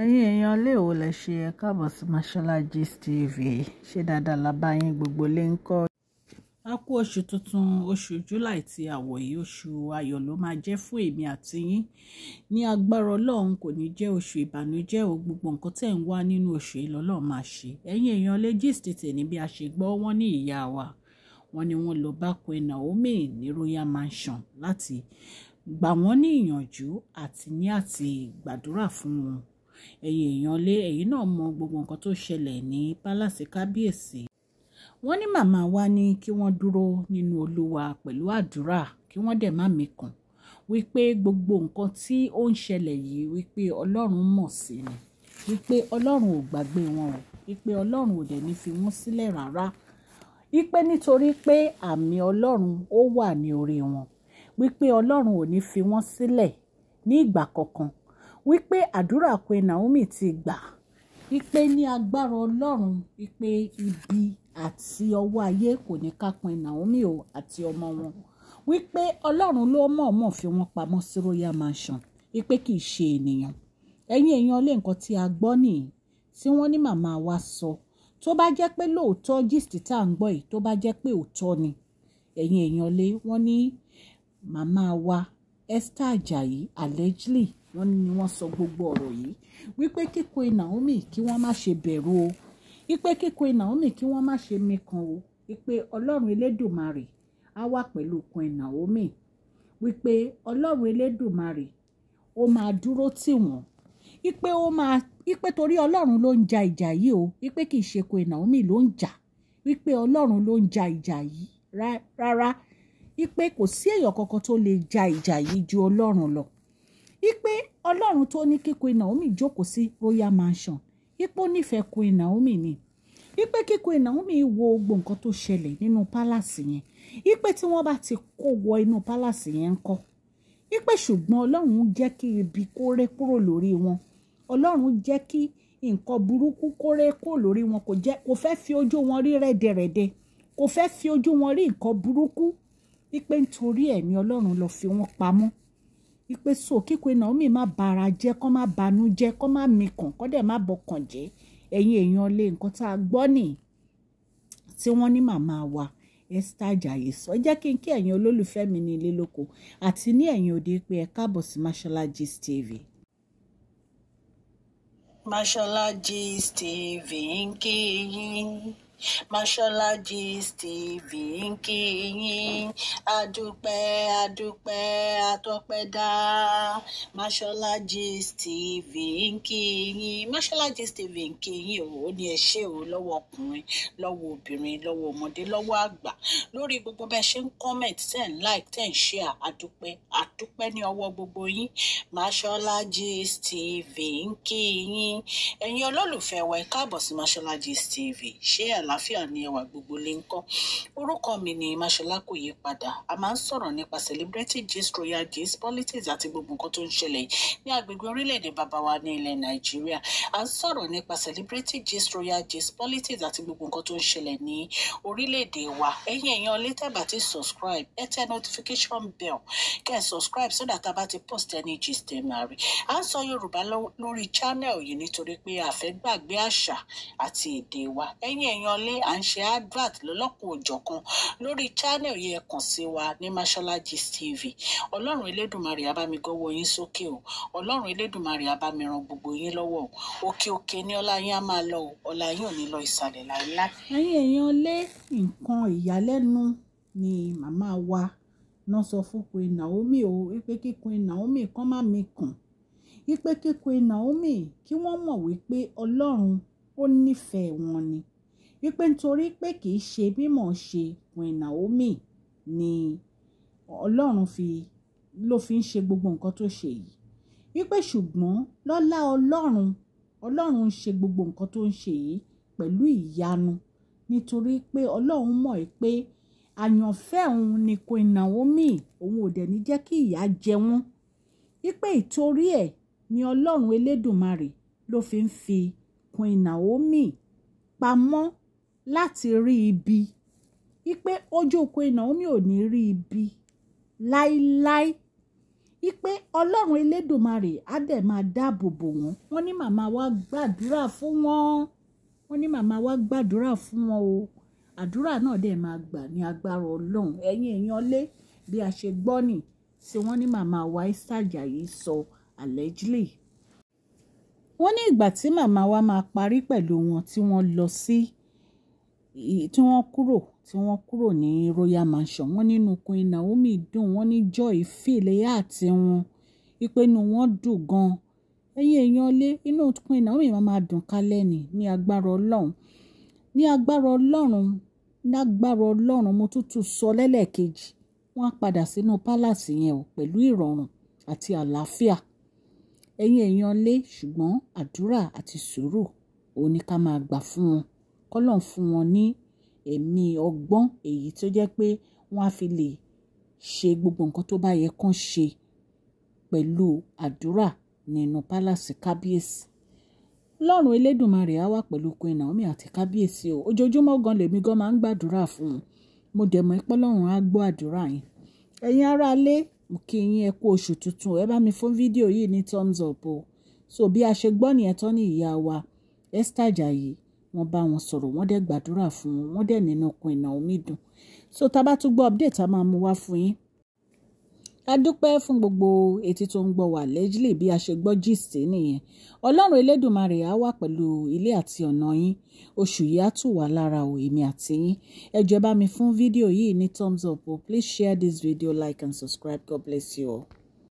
ẹ̀yin èèyàn léèwò lẹ ṣe ẹ káàbọ̀ sí Mashola Gist TV ṣé dáadáa la bá yín gbogbo lè ń kọ́. a kú oṣù tuntun oṣù July tí àwọ̀ yìí oṣù ayọ̀ ló máa jẹ́ fún èmi àti yín ní agbára ọlọ́run kò ní jẹ́ oṣù ìbànújẹ́ o gbogbo nǹkan tẹ̀ ń wá nínú oṣù yìí lọ́lọ́ máa ṣe ẹ̀yin èèyàn lè gist tèmi bí a ṣe gbọ́ wọ́n ní ìyá wa wọ́n ní wọ́n lọ bá Queen Naomi ní Royal Mansion láti gbà wọ́n ní ìyànjú àti ní àti gbàdúrà fún wọn ẹ̀yin èèyàn lé ẹ̀yin náà mọ gbogbo nǹkan tó ṣẹlẹ̀ ní pálásì kábíyèsí wọ́n ní màmá wa ní kí wọ́n dúró nínú olúwa pẹ̀lú àdúrà kí wọ́n dẹ̀ má mikùn wípé gbogbo nǹkan tí ó ń ṣẹlẹ̀ yìí wípé ọlọ́run mọ̀ sí ni wípé ọlọ́run ò gbàgbé wọn o wípé ọlọ́run ò dẹ̀ ní fi wọ́n sílẹ̀ rárá wípé nítorí pé àmì ọlọ́run ó wà ní orí wọn wípé ọlọ́run ò ní fi wọ́n sílẹ̀ ní ìgbà kankan wípé àdúrà pé Naomi ti gbà ìpè ní agbára ọlọ́run ìpè ibi àti ọwọ́ ayé kò ní ká pin Naomi o àti ọmọ wọn wípé ọlọ́run ló mọ̀ọ́mọ̀ fi wọ́n pamọ́ sí royal mansion wípé kì í ṣe ènìyàn ẹ̀yin èèyàn lé nǹkan tí a gbọ́ nìyí tí wọ́n ní màmá wa sọ tó bá jẹ́ pé lóòótọ́ gist tá à ń gbọ́ yìí tó bá jẹ́ pé òótọ́ ni ẹ̀yin èèyàn lé wọ́n ní màmá wa Esther Ajayi allegedly wọ́n ní wọ́n sọ gbogbo ọ̀rọ̀ yìí wípé kíkọ̀ Naomi kí wọ́n má ṣe bẹ̀rù o wípé kíkọ̀ Naomi kí wọ́n má ṣe mikàn o wípé ọlọ́run elédùnmarè á wà pẹ̀lú Queen Naomi wípé ọlọ́run elédùnmarè ó máa dúró tì wọ́n wípé ó máa wípé torí ọlọ́run ló ń ja ìjà yìí o wípé kì í ṣe Queen Naomi ló ń jà wípé ọlọ́run ló ń ja ìjà yìí rárá wípé kò sí èèyàn kankan tó lè ja ìjà yìí ju ọlọ́run lọ wípé ọlọ́run tó ní kí Queen Naomi jókòó sí royal mansion ipò nífẹ̀ẹ́ Queen Naomi ni wípé kí Queen Naomi wo gbogbo nǹkan tó ṣẹlẹ̀ nínú pálàsì yẹn wípé tí wọ́n bá ti kó wọ inú pálàsì yẹn ń kọ́ wípé ṣùgbọ́n ọlọ́run jẹ́ kí ibi kó ré kúrò lórí wọn ọlọ́run jẹ́ kí nǹkan burúkú kó ré kúrò lórí wọn kò jẹ́ kò fẹ́ fi ojú wọn rí rẹ́dẹ̀rẹ́dẹ́ kò fẹ́ fi ojú wọn rí nǹkan burúkú wípé nítorí ẹ̀mí ọlọ́run lọ fi wọn pamọ́ ìpè so kíkọ Naomi má bara jẹ́ kó má banú jẹ́ kó má mikàn kó dẹ̀ má bọkàn jẹ́ ẹ̀yin èèyàn lé nǹkan tá a gbọ́ nì tí wọ́n ní màmá wa Esther Ajayi sọ jẹ́ kí n kí ẹ̀yin olólùfẹ́ mi ní ilé lóko àti ní ẹ̀yin òde pé ẹ káàbọ̀ sí Mashola Gist TV. Mashola Gist TV ń kí yín Mashola Gist TV ń kí yín adúpẹ́ da. atọ́pẹ́dá Mashola Gist TV ń kí yín Mashola Gist TV ń kí yín o ní ẹ ṣé o lọ́wọ́ ọkùnrin lọ́wọ́ obìnrin lọ́wọ́ ọmọdé lọ́wọ́ àgbà lórí gbogbo bẹ́ẹ̀ ṣe ń comment ten like ten share adúpẹ́ adúpẹ́ ní ọwọ́ gbogbo yín Mashola Gist TV ń kí yín ẹ̀yin olólùfẹ́ wa ẹ káàbọ̀ sí Mashola Gist TV ṣé ẹ̀ àlàáfíà ni ẹwà gbogbo lè ń kọ́ orúkọ mi ni Máṣọlá kò yí padà a máa ń sọ̀rọ̀ nípa celebrity gist royal gist politics àti gbogbo nǹkan tó ń ṣẹlẹ̀ ní agbègbè orílẹ̀-èdè bàbá ní ilẹ̀ Nàìjíríà a ń sọ̀rọ̀ nípa celebrity gist royal gist politics àti gbogbo nǹkan tó ń ṣẹlẹ̀ ní orílẹ̀-èdè wa ẹ̀yin èèyàn létẹ̀bà ti subscribe ẹ tẹ notification bell kẹ́ ẹ subscribe so that a bá ti post any gist ẹ̀ máa rí à ń sọ Yorùbá lórí channel yìí nítorí pé a gbàgbé àṣà àti èdè wa ẹ̀yin èèyàn wọlé à ń ṣe advert lọ́lọ́kùn òjọ̀kan lórí channel yẹn kàn sí wa ní mashola gist tv ọlọ́run elédùnmarè abami gọ́wọ́ yín sókè o ọlọ́run elédùnmarè abami ran gbogbo yín lọ́wọ́ o òkè òkè ni ọlá yín á máa lọ o ọlá yín ò ní lọ ìsàlẹ̀ láìláì. ẹ̀yin èèyàn lé nǹkan ìyàlẹ́nu ni màmá wa náà sọ fún Queen Naomi o wípé kí Queen Naomi kán má mi kàn wípé kí Queen Naomi kí wọ́n mọ̀ wípé ọlọ́run ó nífẹ̀ẹ́ wọn ni wípé nítorí pé kì í ṣe bí ṣe Queen Naomi ni Ọlọ́run fi ló fi ń ṣe gbogbo nǹkan tó ṣe yìí wípé ṣùgbọ́n lọ́lá Ọlọ́run Ọlọ́run ń ṣe gbogbo nǹkan tó ń ṣe yìí pẹ̀lú ìyanu nítorí pé Ọlọ́run mọ̀ pé àyànfẹ́ òun ni Queen Naomi òun ò dẹ̀ ní jẹ́ kí ìyà jẹ wípé ìtorí ẹ̀ ni Ọlọ́run Elédùmarè ló fi ń fi Queen Naomi pamọ́ láti rí ibi ipe ojú oko Naomi ò ní rí ibi láíláí ipe ọlọ́run elédùnmarè á dẹ̀ máa dáàbò bò wọ́n wọ́n ní màmá wa gbàdúrà fún wọn wọ́n ní màmá wa gbàdúrà fún wọn o àdúrà náà dẹ̀ máa gbà ní agbára ọlọ́run ẹ̀yin èèyàn lé bí a ṣe gbọ́ nì tí wọ́n ní màmá wa ìsàjà yìí sọ allegedly wọ́n ní ìgbà tí màmá wa máa parí pẹ̀lú wọn tí wọ́n lọ sí. Si tí wọ́n kúrò tí wọ́n kúrò ní royal mansion wọ́n nínú Queen Naomi dùn wọ́n ní joy fèlè àti wọn ìpinnu wọn dùn gan-an ẹ̀yin èèyàn lé inú Queen Naomi máa máa dùn kálẹ̀ ni ní agbára ọlọ́run ní agbára ọlọ́run lágbára ọlọ́run mo tútù sọ lẹ́lẹ́kejì wọ́n á padà sínú pálàsì yẹn o pẹ̀lú ìrọ̀rùn àti àlàáfíà ẹ̀yin èèyàn lé ṣùgbọ́n àdúrà àti sùúrù òun ni ká máa gbà fún wọn kọ́lọ̀ ń fún wọn ní ẹ̀mí ọgbọ́n èyí tó jẹ́ pé wọ́n á fi lè ṣe gbogbo nǹkan tó bá yẹ kán ṣe pẹ̀lú àdúrà nínú pálásì kábíyèsí ọlọ́run elédùnmarè á wà pẹ̀lú queen naomi àti kábíyèsí o ojoojúmọ́ gan lèmi gan máa ń gbàdúrà fún un mo dẹ̀ mọ́ á gbọ́ àdúrà yín ẹ̀yin aráalé mo kí yín ẹ kú oṣù tuntun ẹ bá mi fún fídíò yìí ní thumbs up o so bí a ṣe gbọ́ nìyẹn tán ní ìyá wa Esther Ajayi wọ́n bá wọn sọ̀rọ̀ wọ́n dẹ̀ gbàdúrà fún wọn wọ́n dẹ̀ nínú ọkùnrin náà omi dùn so tá a bá tún gbọ́ update a máa mú wá fún yín a dúpẹ́ fún gbogbo etí tó ń gbọ́ wà lẹ́jìlì bí a ṣe gbọ́ gist nìyẹn ọlọ́run elédùnmarè á wà pẹ̀lú ilé àti ọ̀nà yín oṣù yìí á tù wá lára o èmi àti yín ẹ jọ̀ọ́ mi fún fídíò yìí ní thumbs up o please share this video like and subscribe god bless you all.